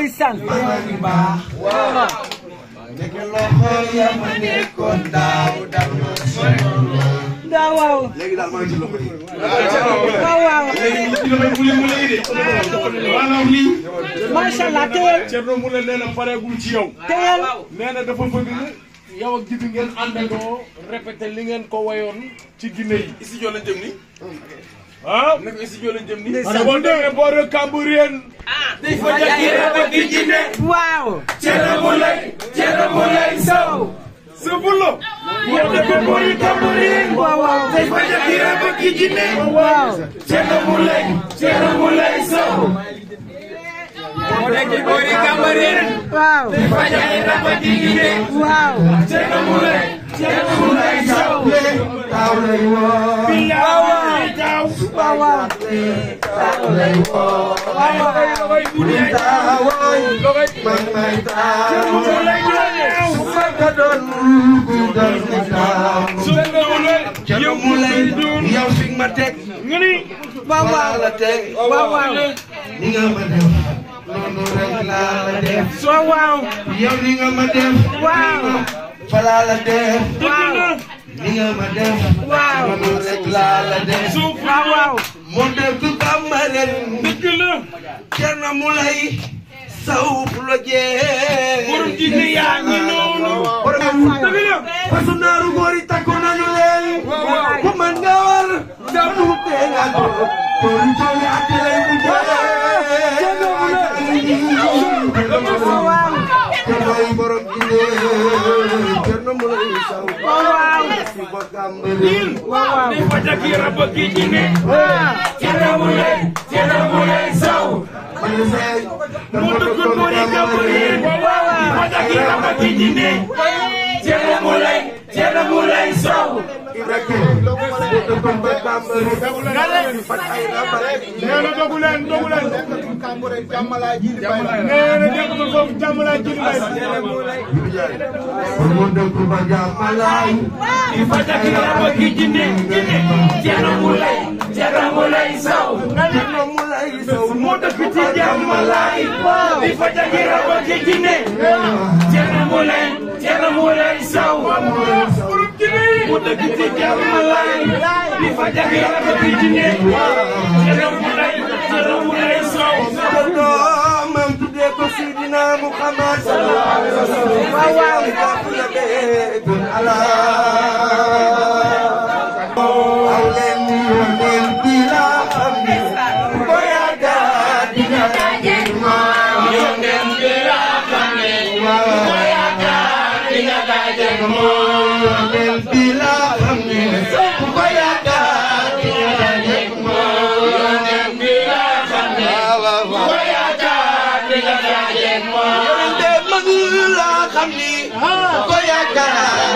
kuy sànq. li ma nekkoon daaw daaw ñoo sonal lool. daaw waaw. léegi daal maa ngi ci loxo yi. waaw waaw. léegi ci loxo yi mu leen mu leen de. maanaam lii. macha allah teyal. Thierno mu ne nee na pareegul ci yow. teyal. nee na dafa bëgg. yow ak Djiby ngeen àndandoo répété li ngeen ko wayoon ci Guinée yi. studio lañ jëm ni ah naka studio lañ jëm nii. boo demee booru Cambérène. ah dañ fa njëkk di jinne. waaw. Thierno Moulay. Thierno Moulay Sow. sa bulo. boo demee booru Cambérène. waaw waaw dañ fa njëkk di jinne. waaw. Thierno Moulay. Thierno Moulay Sow. boo demee booru Cambérène. waaw dañ fa njëkk di jinne. waaw. Thierno Moulay. Seexu Ndey Sow taw lay woo. bilaay taw. suba waatee taw lay woo. buñ taaway man may doon buñ doon mu taaw. yow mu lay yow fi ma teg. waaw la teg. waaw ni nga ma waaw yow ni nga ma def. waaw. falaa la def. ni nga ma def. waaw man rek laa la def. suuf waaw. mu def du Cambérène. dëgg la. Thierno Moulay ngi noonu. borom dëgg la. naaru góor yi takku leen. waaw ku man nga war. ndax du tee nga góor. toolu toolu ak lay bu jëlee. Thierno Moulay. borom jinne. Mulai, mulai, mulai, mulai, Thierno Moulay Sow. nee na dogu leen dogu leen. nee na dégg nga foofu Jamala Jili Mbaye. i fata kilaba ki jinde jinde Thierno Moulay Thierno Moulay Sow. Thierno Moulay Sow moo dëkk ci Jamalaay. i fata kilaba ki jinde Thierno Moulay Thierno Moulay Sow. dëgg ci jàmm laay li fa jafe rafet bi ci nekk lay jërëmu lay sow sama doomam tuddee ko Sidina Muhammad sallallahu alayhi wa sallam waaw waaw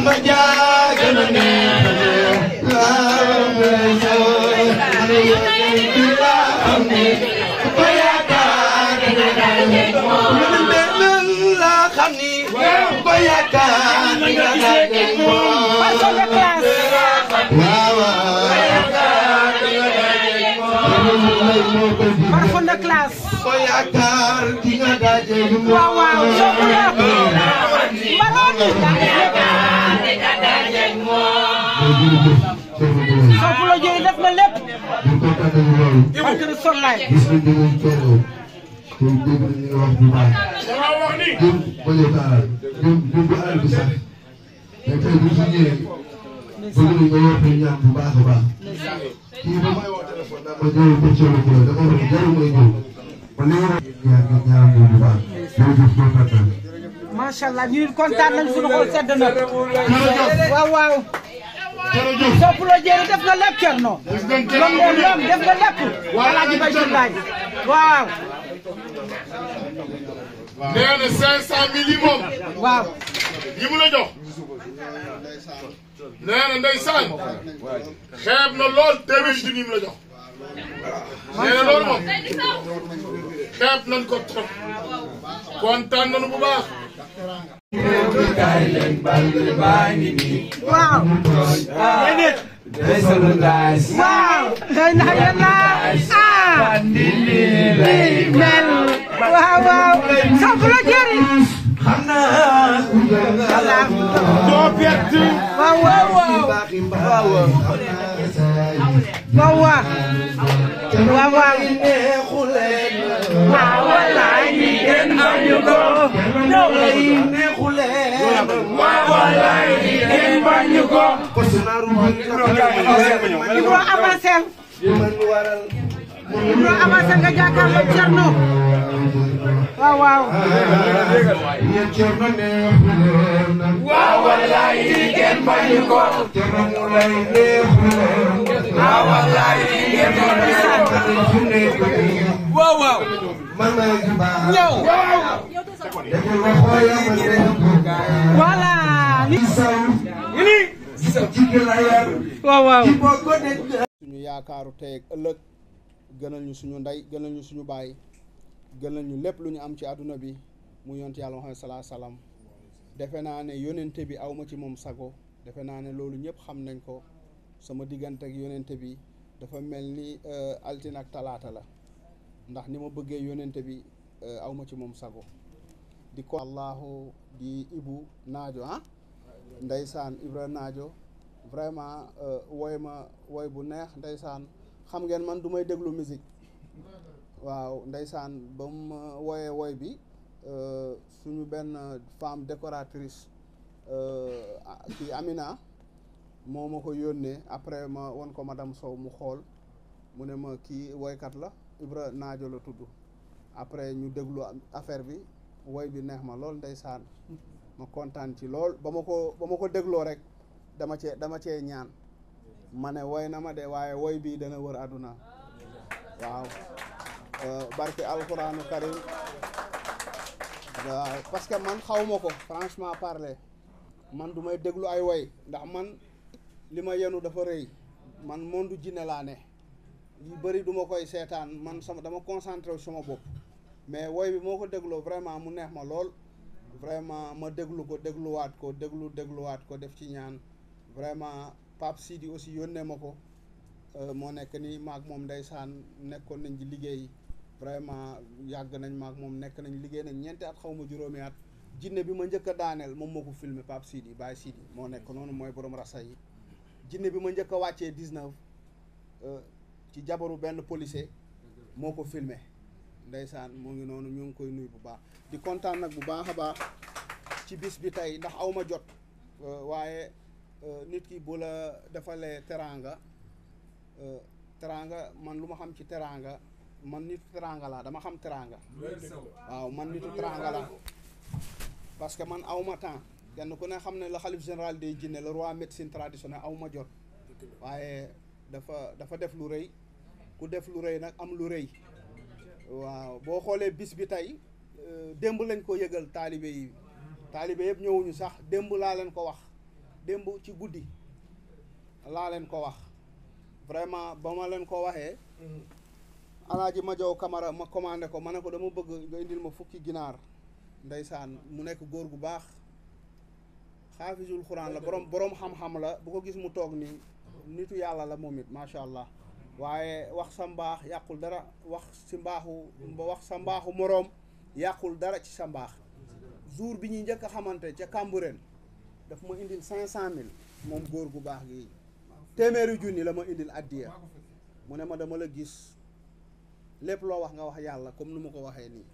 a Wow. Marakunda class. waaw waaw soo ko yàq. Sofula Dieye def na lépp. parce que sol laay. bëgg nañ nga yor ñaan bu baax a baax. kii ba may wax téléphone daa ma jëriñ ko coono def nga lépp Thierno moom moom moom def nga lépp alaaji bay jëndaay waaw nee na nee na xeeb na lool téeméeri junni mu la jox nee na loolu moom xeeb nañ ko trop kontaan nañu bu baax. waaw. waaw. day na yàlla ah. mel. waaw waaw. soxla jëriñ. xanaa doo perte. waaw waaw waaw. waaw waaw. waaw waaw. waaw waaw. waaw walaay ni kenn bañu ko. ñoo ngi neexulee. waaw walaay ni kenn bañu ko. Ibro avancé. Ibro avancé nga jàkkaarloo Thierno. waaw waaw. yéen Thierno neexuleen na. waaw wallaay di ngeen bañu ko. Thierno Moulay neexuleen na. waaw wallaay di ngeen bañu ko. waaw waaw. man maa ngi baax. ñëw. dañu la xoolee ma neexuleen. voilà. waaw waaw. suñu yaakaaru tey ëllëg gënal ñu suñu ndey gënal ñu suñu baay. gën gënal ñu lépp lu ñu am ci àdduna bi mu yont yàlla Muhammad salaa salaam defe naa ne yonente bi awma ci moom sago defe naa ne loolu ñëpp xam nañ ko sama diggante ak yonente bi dafa mel ni euh, altine ak talaata la ndax ni ma bëggee yonente bi euh, awma ci moom sago di ko allahu di ibu naajo ah ndeysaan ibra naajo vraiment euh, woy ma woy bu neex ndeysaan xam ngeen man du may déglu musique waaw ndeysaan ba mu woyee woy bi euh, suñu benn femme décoratrice euh, kii Amina moo ma ko yónnee après ma won ko ma dam Sow mu xool mu ne ma kii woykat la Ibra Naajo la tudd après ñu déglu affaire bi woy bi neex ma lool ndeysaan ma kontaan ci lool ba ma ko ba ma ko dégloo rek dama cee dama cee ñaan ma ne woy na ma de waaye woy bii dana wër àdduna waaw Euh, barke alxuraanu karim waaw parce que man xaw ma ko franchement parle man du may déglu ay woy ndax man li ma yenu dafa rëy man monde jinne laa ne yu bëri duma koy seetaan man sama dama concentré sama bopp mais woy bi moo ko dégloo vraiment mu neex ma lool vraiment ma déglu ko dégluwaat ko déglu dégluwaat ko def ci ñaan vraiment Pape Sidi aussi yónnee ma ko euh, moo nekk ni maak moom ndeysaan nekkoon nañ ci liggéey vraiment yàgg nañ maak moom nekk nañ liggéey nañ ñeenti at xaw ma juróomi at jinne bi ma njëkk daaneel moom moo ko filmé Pape Sidi Baye Sidi moo nekk noonu mooy borom rasa yi jinne bi ma njëkk a wàccee 19 euh, ci jabaru benn policier moo ko filmé ndeysaan moo ngi noonu ñu ngi koy nuyu bu baax di kontaan nag bu baax a baax ci bis bi tey ndax awma jot euh, waaye euh, nit ki bu la defalee teraanga teraanga man lu ma xam ci teraanga man nitu teranga laa dama xam teranga waaw man nitu teranga laa parce que man awma temps kenn ku ne xam ne la xalif général day jinne le roi médecine traditionnelle awma jot waaye dafa dafa def lu rëy ku def lu rëy nag am lu rëy waaw boo xoolee bis bi tey euh, démb lañ ko yëgal taalibe yi taalibe yëpp ñëwuñu sax démb laa leen ko wax démb ci guddi laa leen ko wax vraiment ba ma leen ko waxee mm-hmm. alaaji ma jow kamara ma commandé ko ma ne ko dama bëgg nga indil ma fukki ginaar ndeysaan mu nekk góor gu baax xaafisul xuraan la borom borom xam-xam la bu ko gis mu toog nii nitu yàlla la moom it macha allah waaye wax sa mbaax yàqul dara wax si mbaaxu wax sa mbaaxu moroom yàqul dara ci sa mbaax jour bi ñuy njëkk a xamante ca Cambérène daf ma indil cinq cent mille moom góor gu baax gi téeméeri junni la ma indil addiya mu ne ma dama la gis lépp loo wax nga wax yàlla comme nu ma ko waxee nii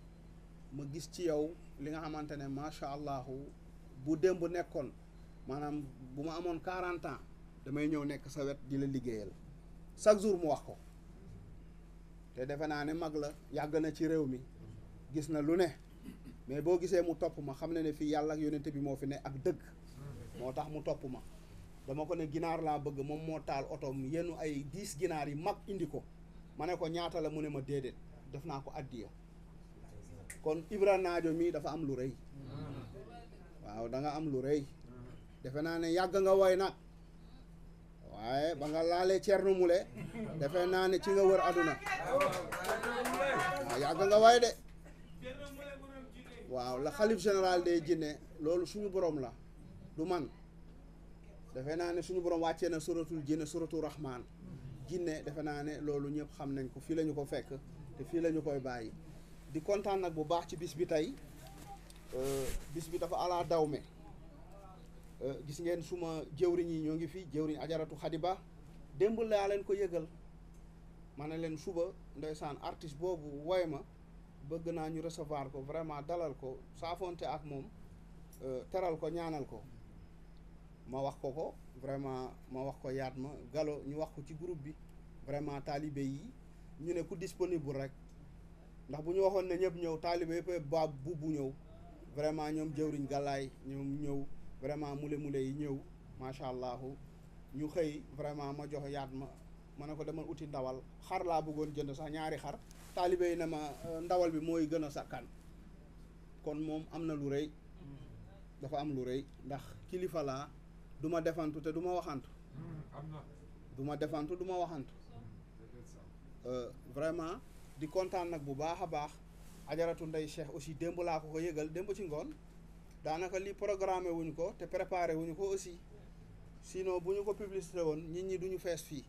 ma gis ci yow li nga xamante ne macha allahu bu démb nekkoon maanaam bu ma amoon quarante ans damay ñëw nekk sa wet di la liggéeyal chaque jour mu wax ko te defe naa ne mag la yàgg na ci réew mi gis na lu ne mais boo gisee mu topp ma xam ne ne fii yàlla ak yonent bi moo fi ne ak dëgg moo tax mu topp ma dama ko ne ginaar laa bëgg moom moo taal oto otoom yenu ay dix ginaar yi mag indi ko ma ne ko ñaata la mu ne ma déedéet def naa ko addiya kon Ibra Naajo mii dafa am lu rëy waaw danga am lu rëy defe naa ne yàgg nga woy nag waaye ba nga laalee Thierno Moule defe naa ne ci nga wër aduna waaw yàgg nga woy de waaw la xalif général day jinne loolu suñu boroom la du man defe naa ne suñu borom wàccee na suratul jinne suratu rahman jinne defe naa ne loolu ñëpp xam nañ ko fii la ñu ko fekk te fii la ñu koy bàyyi di kontaan nag bu baax ci bis bi tey euh, bis bi dafa ala dawme euh, gis ngeen suma jëwriñ yi ñoo ngi fii jëwriñ ajaratu ba démb laa leen ko yëgal ma ne leen suba ndeysaan artiste boobu woy ma bëgg naa ñu recevoir ko vraiment dalal ko saafonte ak moom euh, teral ko ñaanal ko ma wax ko ko vraiment ma wax ko yaat ma Gallo ñu wax ko ci groupe bi vraiment taalibe yi ñu ne ku disponible rek ndax bu ñu waxoon ne ñëpp ñëw taalibe yëpp ba bu bu ñëw vraiment ñoom jëwriñ gàllaay ñoom ñëw vraiment mule mule yi ñëw macha allah ñu xëy vraiment ma jox yaat ma ma ne ko demal uti ndawal xar laa bëggoon jënd sax ñaari xar taalibe yi ne ma euh, ndawal bi mooy gën a sakkan kon moom am na lu rey dafa am lu rëy ndax kilifa laa du ma defantu te du ma waxantu hmm, du ma defantu du ma waxantu hmm. euh, vraiment di kontaan nag bu baax a baax ajaratu ndey Cheikh aussi démb laa ko ko yëgal démb ci ngoon daanaka li programmé wuñu ko te préparé wuñ ko aussi sinon bu ñu ko publicité woon nit ñi duñu fees fii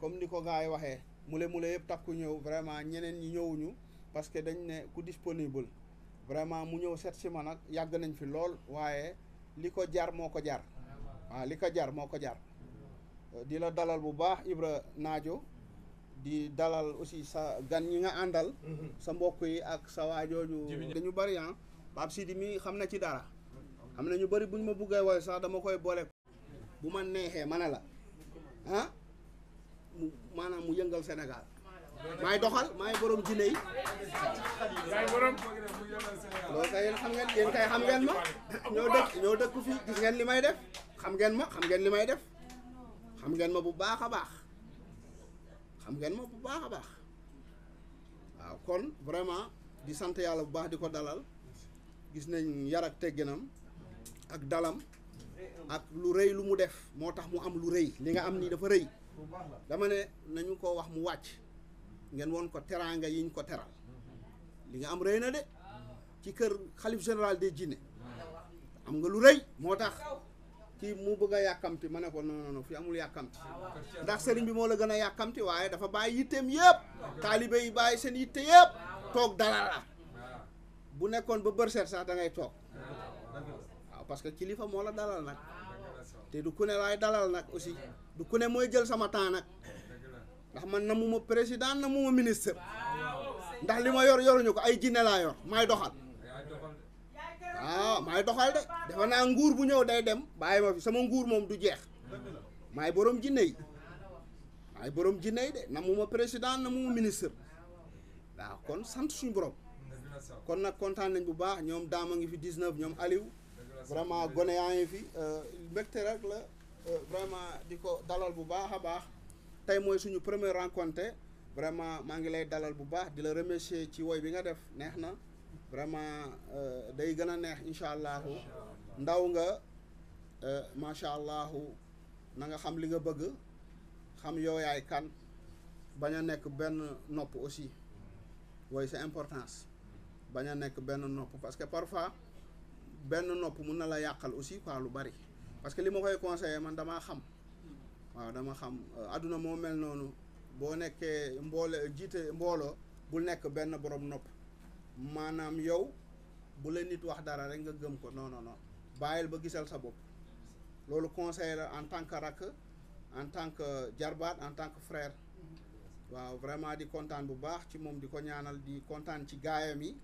comme ni ko gars yi waxee mule mule yëpp takku ñëw vraiment ñeneen ñi ñëwuñu parce que dañ ne ku disponible vraiment mu ñëw seet si ma nag yàgg nañ fi lool waaye li ko jar moo ko jar waaw li ko jar moo ko jar di la dalal bu baax Ibra Naajo di dalal aussi sa gan ñi nga àndal mm-hmm. sa mbokk yi ak sa waajooju dañu bari ah Pape Sidi xam na ci dara xam na ñu bari bu ñu ma buggee woy sax dama koy boole bu ma neexee ma ne la ah mu maanaam mu yëngal Sénégal maay doxal maay boroom jinne yi loolu kay yéen xam ngeen yéen kay xam ngeen ma ñoo dëkk ñoo dëkk fii gis ngeen li may def xam ngeen ma xam ngeen li may def xam ngeen ma bu baax a baax xam ngeen ma bu baax a baax waaw kon vraiment di sant yàlla bu baax di ko dalal gis nañ yar ak tegginam ak dalam ak lu rëy lu mu def moo tax mu am lu rëy li nga am nii dafa rëy dama ne nañu ko wax mu wàcc ngeen woon ko teraanga yiñ ko teral li nga am rëy na de ci kër xalif général de jinne am nga lu rëy moo tax kii mu bëgg a yàkkamti ma ne ko non non amul yàkkamti ah, ndax sëriñ bi moo la gën a yàkkamti waaye dafa bàyyi yitteem yëpp taalibe yi bàyyi seen yitte yëpp ah, toog dara la ah. bu nekkoon ba bërseet sax dangay toog waaw parce que kilifa moo la dalal nag te du ku ne laay dalal nag aussi du ku ne mooy jël sama temps nag ndax man na mu ma président na mu ministre ndax li ma yor yoruñu ko ay jinne laa yor maay doxal non maay doxal de dafa naa nguur bu ñëw day dem bàyyi ma fi sama nguur moom du jeex maay boroom jinne yi maay borom jinne yi de ma président na namuma ministre waaw kon sant suñu borom kon nag kontaan nañ bu baax ñoom daama ngi fi 19 ñoom Aliou vraiment gone yaa ngi fi euh, mbégte rek la euh, vraiment di ko dalal bu baax a baax tey mooy suñu premier rencontre vraiment maa ngi lay dalal bu baax di la remercier ci woy bi nga def neex na vraiment euh, day gën a neex incha allahu ndaw nga euh, macha allahu na nga xam li nga bëgg xam yow yaay kan bañ a nekk benn nopp aussi wooy c'est importance bañ a nekk benn nopp parce que parfois benn nopp mun na la yàqal aussi quoi lu bari parce que li ma koy conseillé man damaa xam waaw dama xam àdduna euh, moo mel noonu boo nekkee mboole jiite mbooloo bul nekk benn borom nopp maanaam yow bu la nit wax dara rek nga gëm ko non non bàyyil ba gisal sa bopp loolu conseil la en tant que rakk en tant que jarbaat en tant que frère waaw vraiment di kontaan bu baax ci moom di ko ñaanal di kontaan ci gaayam yi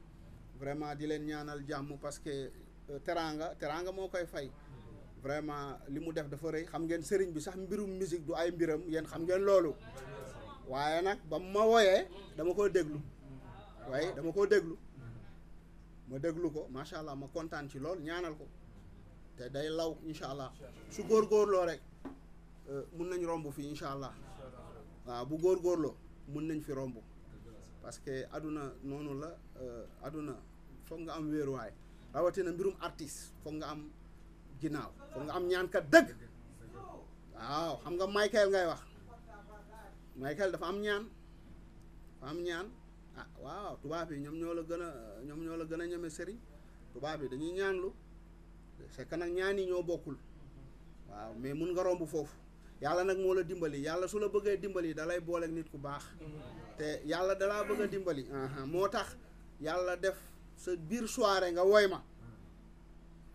vraiment di leen ñaanal jàmm parce que euh, teraanga teraanga moo koy fay vraiment li mu def dafa rëy xam ngeen sëriñ bi sax mbirum musique du ay mbiram yéen xam ngeen loolu waaye nag ba mu ma woyee dama ko déglu waaye dama koo déglu ma déglu ko macha allah ma kontaan ci lool ñaanal ko te day law incha allah su góorloo rek euh, mun nañ romb fii incha allah waaw bu góor góorloo mun nañ fi romb parce que aduna noonu la euh, aduna foog nga am wéeruwaay rawatina mbirum artiste foog nga am ginnaaw foog nga am ñaankat dëgg waaw xam nga Michael ngay wax Michael dafa am ñaan dafa am ñaan. ah waaw tubaab yi ñoom ñoo la gën a ñoom ñoo la gën a ñeme sëriñ tubaab yi dañuy ñaanlu c'est nag ñaan yi ñoo bokkul waaw mais mun nga romb foofu yàlla nag moo la dimbali yàlla su la bëggee dimbali dalay booleeg nit ku baax te yàlla dalaa bëgg a dimbali moo tax yàlla def sa biir soirée nga woy ma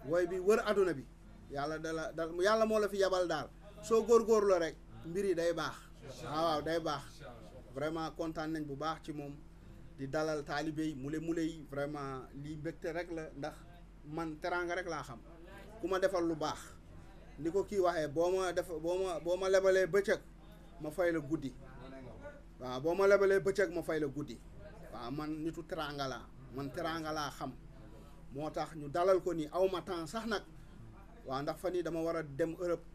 woy bi wër àdduna bi yàlla dala da yàlla moo la fi yabal daal soo góor góorgóorlu rek mbir yi day baax ah, waaw day baax vraiment kontaan nañ bu baax ci moom di dalal taalibe yi mule mule yi vraiment lii mbégte rek la ndax man teraanga rek laa xam ku ma defal lu baax ni ko kii waxee boo ma def boo ma boo ma lebalee bëccëg ma fay la guddi waaw boo ma lebalee bëccëg ma fay la guddi waaw man nitu teraanga laa man teraanga laa xam moo tax ñu dalal ko nii aw ma temps sax nag waa ndax fan yii dama war a dem Europe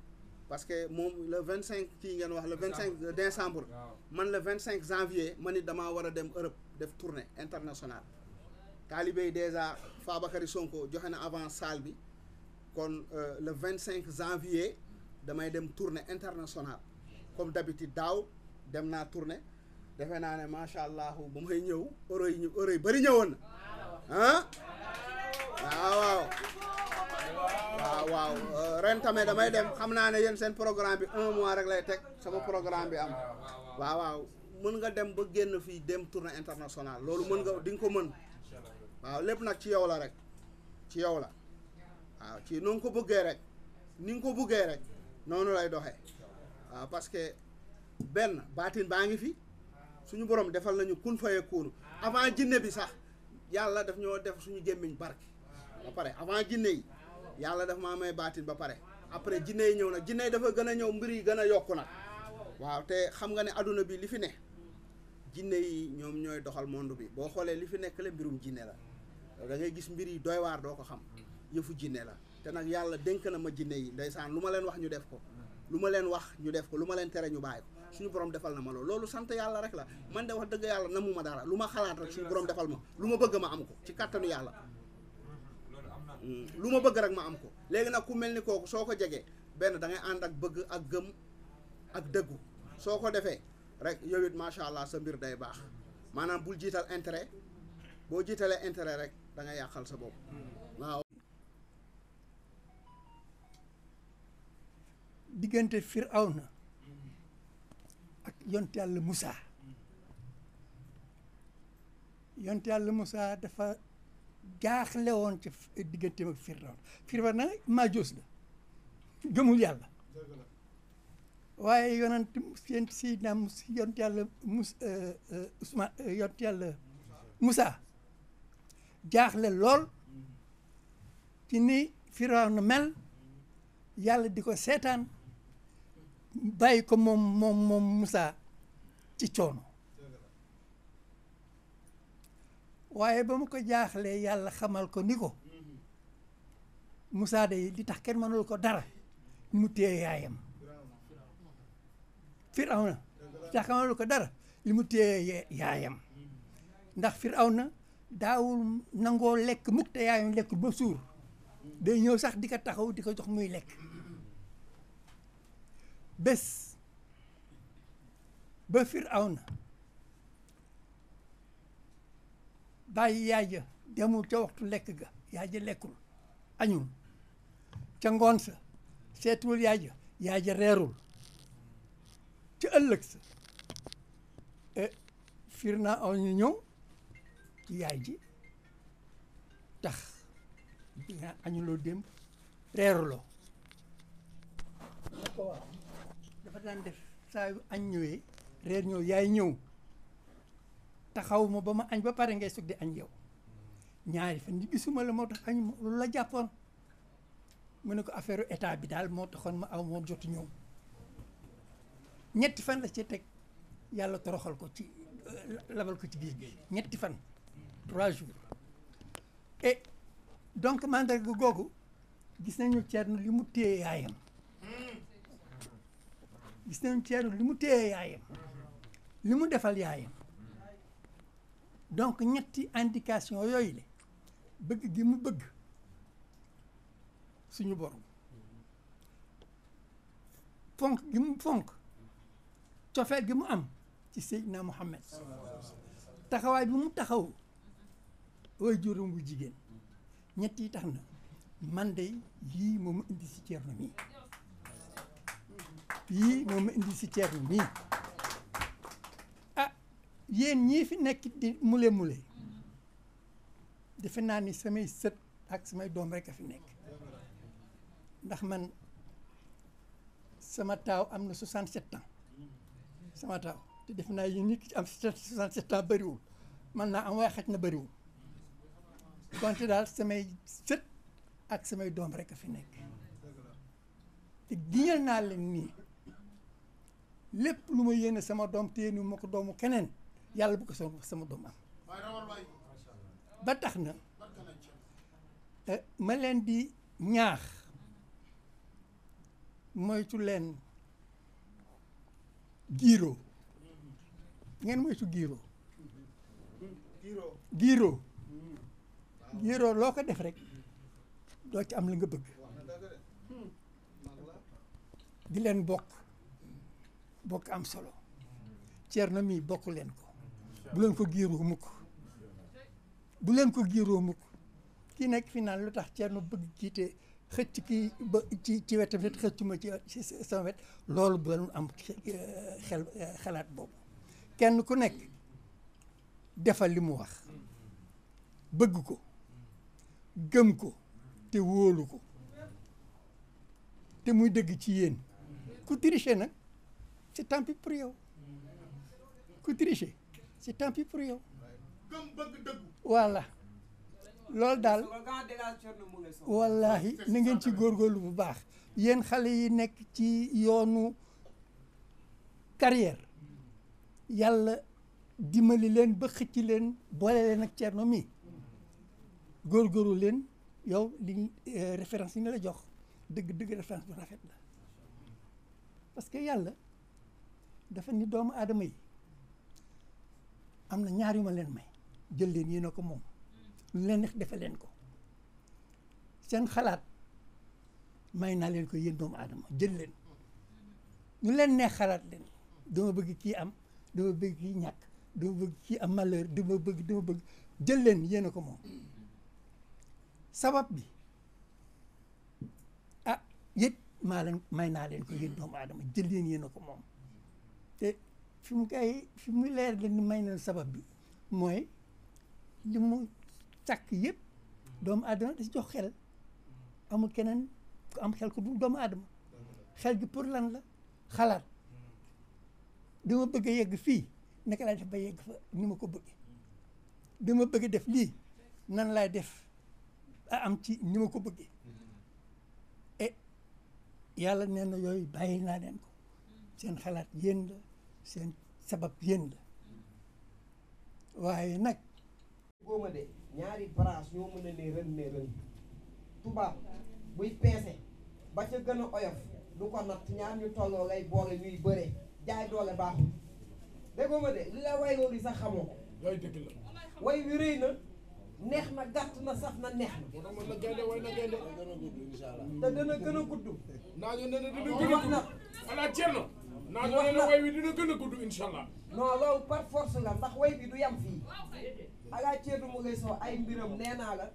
parce que moom le vingt cinq kii ngeen wax la vingt cinq décembre man le vingt cinq janvier ma it damaa war a dem Europe def tournée internationale taalibe yi dèjà Fabakary Sonko joxe na avant salle bi kon euh, le vingt cinq janvier damay dem tournée internationale comme d'habitude daaw dem naa tournée defe naa ne macha allah ba may ñëw euro yi ñu euro bëri ñëwoon na ah waaw waaw waaw euh, ren damay dem xam naa ne yéen seen programme bi un mois rek lay teg sama programme bi am waaw waaw mën nga dem ba génn fii dem tournée internationale loolu mën nga di nga ko mën waaw lépp nag ci yow la rek ci yow la waaw ci no ko bëggee rek ni ko bëggee rek noonu lay doxee waaw parce que benn baatin baa ngi fi suñu borom defal nañu kun faye kuunu avant jinne bi sax yàlla daf ñoo def suñu gémmiñ barke ba pare avant jinne yi yàlla daf maa may baatin ba pare après jinne yi ñëw nag jinne yi dafa gën a ñëw mbir yi gën a yokku nag waaw te xam nga ne àdduna bi li fi ne jinne yi ñoom ñooy doxal monde bi boo xoolee li fi nekk la mbirum jinne la da ngay gis mbir yi doy waar doo ko xam yëfu jinne la te nag yàlla dénk na ma jinne yi saan lu ma leen wax ñu def ko lu ma leen wax ñu def ko lu ma leen tere ñu bàyyi ko suñu borom defal na ma loolu loolu sant yàlla rek la man de wax dëgg yàlla na mu ma dara lu ma xalaat rek suñu borom defal ma lu ma bëgg ma am ko ci kàttanu yàlla hmm. lu ma bëgg rek ma am ko léegi nag ku mel ni kooku soo ko jegee benn da ànd ak bëgg ak gëm ak dëggu soo ko defee rek yow it macha allah sa mbir day baax maanaam bul jiital intérêt boo jiitalee intérêt rek da yàqal sa bopp waaw. diggante Firawna ak yonte yàlla Moussa yonte yàlla Moussa dafa jaaxle woon ci digganteem ak Firawna Firawna maajoos la gëmul yàlla. waaye yonent yonent Seydina Musa yonent yàlla Musa Ousmane eh, eh, eh, yonent yàlla Musa jaaxle lool ci ni Firawna mel yàlla di ko seetaan bàyyi ko moom moom moom ci coono waaye ba mu ko jaaxle yàlla xamal ko ni ko Musa de li tax kenn mënul ko dara mu téye yaayam firawna jaxamalu ko dara li mu téye yaayam ndax firawna daawul nangoo lekk mukk te yaayam lekkul ba suur day ñëw sax di ko taxaw di ko jox muy lekk bés ba firawna bàyyi yaay ja demul ca waxtu lekk ga yaay ja lekkul añul ca ngoon sa seetuwul yaay ja yaay ja reerul ci ëllëg sa e, fiir naa aw ñu ñëw ci yaay ji tax bi añuloo démb reeruloo ko dafa daan def saa añ ñëwee reer ñëw yaay ñëw taxaw ma ba ma añ ba pare ngay sog di añ yow ñaari fan di gisuma la moo tax añ lu la jàppoon mu ne ko affaire état bi daal moo taxoon ma aw moo jotu ñëw ñetti fan la cee teg yàlla toroxal ko ci euh, labal ko ci biir géej ñetti fan trois jours et donc mandarga googu gis nañu Ceerno li mu téye yaayam gis nañu Ceerno li mu téye yaayam li mu defal yaayam donc ñetti indication yooyu la bëgg gi mu bëgg suñu borom fonk gi mu fonk cofeel gi mu am ci Seydina Muhammad taxawaay bi mu taxaw way juróom bu jigéen ñett yi tax na man de yii moo ma indi si Ceerno mii yii moo si Ceerno mii ah yéen ñii fi nekk di mule mule defe naa ni samay sët ak samay doom rek a fi nekk ndax man sama taaw am na 67 ans sama tam te def naa yi nit ki am soixante-sept ans bëriwul man naa am waaye xaj na bëriwul konte daal samay sët ak samay doom rek a fi nekk te giñal naa leen nii lépp lu ma yéene sama doom te yéene ma ko doomu keneen yàlla bu ko so sama doom am ba tax na eh, ma leen di ñaax moytu leen giiroo ngeen moytu giiroo giiroo giiroo hmm. loo ko def rek doo ci am li nga bëgg di leen bokk bokk am solo na mi bokk leen ko bu leen ko giiroo mukk bu leen ko giiroo mukk kii nekk fi lu tax Thierno bëgg jiite xëcc kii ba ci ci wetam nit xëccuma ci sama wet loolu bu doon am xel xalaat boobu kenn ku nekk defal li mu wax bëgg ko gëm ko te wóolu ko te muy dëgg ci yéen ku tricher nag c'est tant pis pour yow ku tricher c'est tant pour yow. gëm loolu daal wallahi na ngeen ci góorgóorlu bu baax yéen xale yi nekk ci yoonu carrière yàlla dimbali leen ba xëcc leen boole leen ak Thierno mi góoru leen yow li euh, référence yi nga la jox dëgg dëgg référence bu rafet la parce que yàlla dafa ni doomu aadama yi am na ñaar yu leen may jël leen yéen ko moom lu leen neex defe leen ko seen xalaat may naa leen ko yéen doomu adama jël leen ñu leen neex xalaat leen dama bëgg kii am dama bëgg kii ñàkk dama bëgg kii am malheur dama bëgg dama jël leen yéen ko moom sabab bi ah yët maa may naa leen ko yéen doomu aadama jël leen yéen ko moom te fi mu kay fi mu leer leen may na sabab bi mooy li mu sàkk yépp doomu aadama da si jox xel amul keneen ku am xel ko dul doomu aadama xel gi pour lan la xalaat dama bëgg yegg fii naka laa def ba yegg fa ni ma ko bëggee dama bëgg def lii nan laay def a am ci ni ma ko bëggee e eh, yàlla nee na yooyu bàyyi naa leen ko seen xalaat yéen la seen sabab yéen la waaye nag góoma ñaari branche ñoo mën a ne ren ne ren tubaab buy peese ba ca gën a oyof du ko natt ñaar ñu tolloo lay boole ñuy bëre jaay doole baaxul déggoo ma de li la way loolu sax xamoo ko yooyu dëgg la way wi rëy na neex na gàtt na sax na neex na mën na gaynde way na gaynde te dana gën a gudd naa ñu ne dina gën a gudd ala Thierno naa ñu gën gudd incha allah non loolu par la ndax way bi du yam fii alaa ceetu mu lay soo ay mbiram nee naa la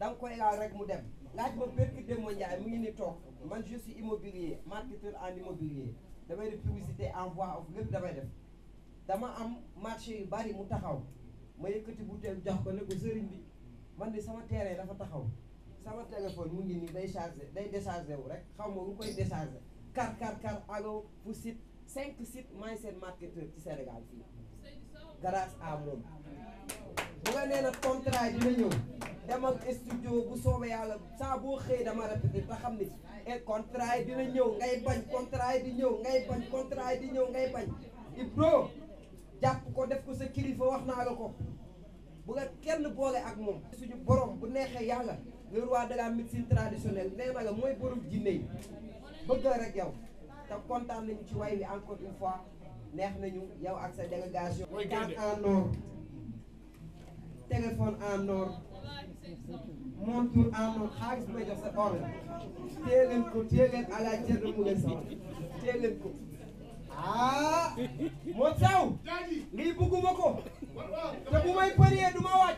da koy laal rek mu dem laaj ma berki dem ma Ndiaye mu ngi ni toog man je suis immobilier marketeur en immobilier damay def publicité en voix off lépp damay def dama am marché yu bari mu taxaw ma yëkkati butéel jox ko ne ko sëriñ bi man de sama terrain dafa taxaw sama téléphone mu ngi nii day chargé day déchargé wu rek xaw ma lu koy déchargé kar kar kar allo fu site cinq sites maay seen marketeur ci Sénégal fii grâce à moom nee na contrat dina ñëw demal studio bu soobee yàlla saa boo xëyee dama répété ba xam ni et eh, contrat dina ñëw ngay bañ contrat yi di ñëw ngay bañ contrat yi di ñëw ngay bañ di pro ko def ko sa kilifa wax naa la ko bu la kenn boole ak moom suñu borom bu neexee yàlla le roi de la médecine traditionnelle nee na la mooy borom jinne yi bëggal rek yow te kontaan nañu ci way wi encore une fois neex nañu yow ak sa délégation. mooy en or. téléphone en or montre en or xaalis may jox sa or la téye leen ko téye leen alaay Thierno Moule Sow téye leen ko ah moo saw lii bëgguma ko te bu may parier du ma waaj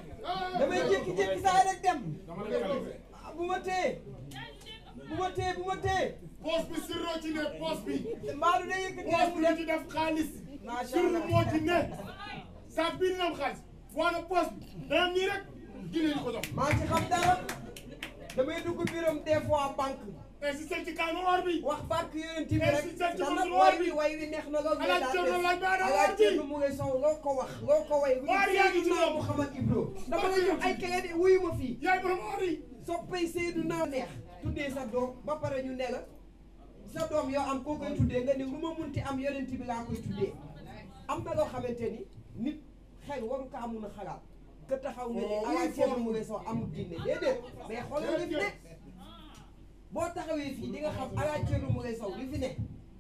damay jékki ah, bu ma téye bu ma téye bu ma téye. poche bi sirroo ci ne poche bi. mbaalu day yëkkati mu def poche bi moo ci ne. sa biir nam xaalis. waaye poos bi dana nii rek dina ñu ko jox. maa ci xam dara damay dugg biiram des fois banque. mais si sëñ ci kaanu or bi. wax barke yonent bi rek. si sëñ ci kaanu or bi way wi neex na lool. alaaj Thierno mu ngi sow loo ko wax loo ko way. or yaa ngi loolu Mouhamad Ibro. dama la jox ay clé de wuyu ma fii. yaay borom or yi. soppay Seydou naa neex. tuddee sa doom ba pare ñu ne la sa doom yoo am koo koy tuddee nga ni lu ma munti am yonent bi laa koy tuddee am na loo xamante ni xel war nga mun a xalaat ka taxaw nga ne oh, ala Thierno Moule Sow amul diine déedéet mais xoolal li fi ne boo taxawee fii di nga xam ala Thierno Moule Sow li fi ne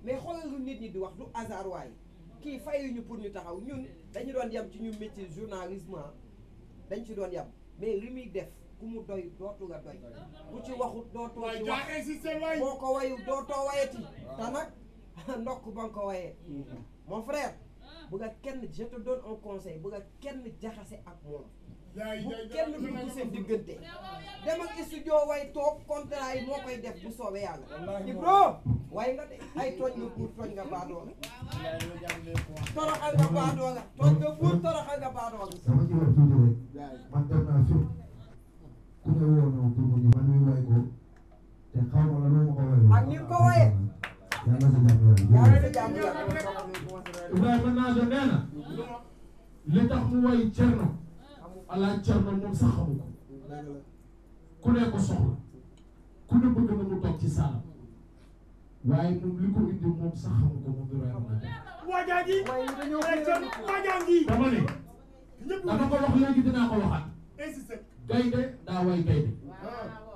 mais xoolal lu nit ñi di wax du hasard waaye kii fayuñu pour ñu taxaw ñun dañu doon yem ci ñu métier journalisme ah. dañ ci doon yam mais li muy def ku mu doy dootu la doy ku ci waxut dootoo ci wax boo ko wayu dootoo wayati ah. te nag ndokk ba nga ko wayee mm-hmm. mon frère bu nga kenn je te donne un conseil bu nga kenn jaxase ak moom bu kenn dugg seen diggante dem ak studio way toog contrat yi moo koy def bu soobee yàlla Ibro waaye nga de ay tooñ nga buur tooñ nga baadoola toroxal nga baadoola tooñ nga buur toroxal nga baadoola man dem naa fi ku ne woon na ko te xaw ma la noo ma ko wayee ak ni ko wayee Ibrahima Nadio nee na li tax mu woy Cerno alaaj Cerno moom sax xamu ko ku ne ko soxla ku ne bëgg na mu toog ci saalam waaye moom li ko indi moom sax xamu ko moom Ibrahima Nadio waajaaji waajaangi dama ne dama ko wax léegi dinaa ko waxaat gaynde daa way gaynde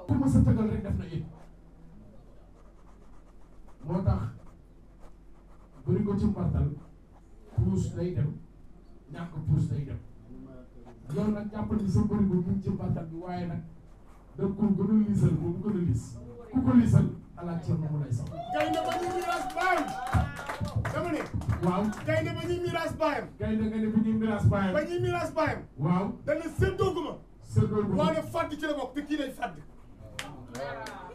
ku ma sa tëgal rek def na it moo tax bëri ko ci mbartal puus day dem ñàkk puus day dem yow nag jàppal ni sa bëri ko ñu ci mbartal bi waaye nag da ko gën a liisal moom gën a liis ku ko liisal alaaj ci moom lay sax gaynde ba ñuy miraas baayam dama ne waaw gaynde ba ñuy miraas baayam gaynde nga ne ba ñuy miraas baayam ba ñuy miraas baayam waaw dana séddoo gu ma séddoo gu ma waaye fàdd ci la bokk te kii lay fàdd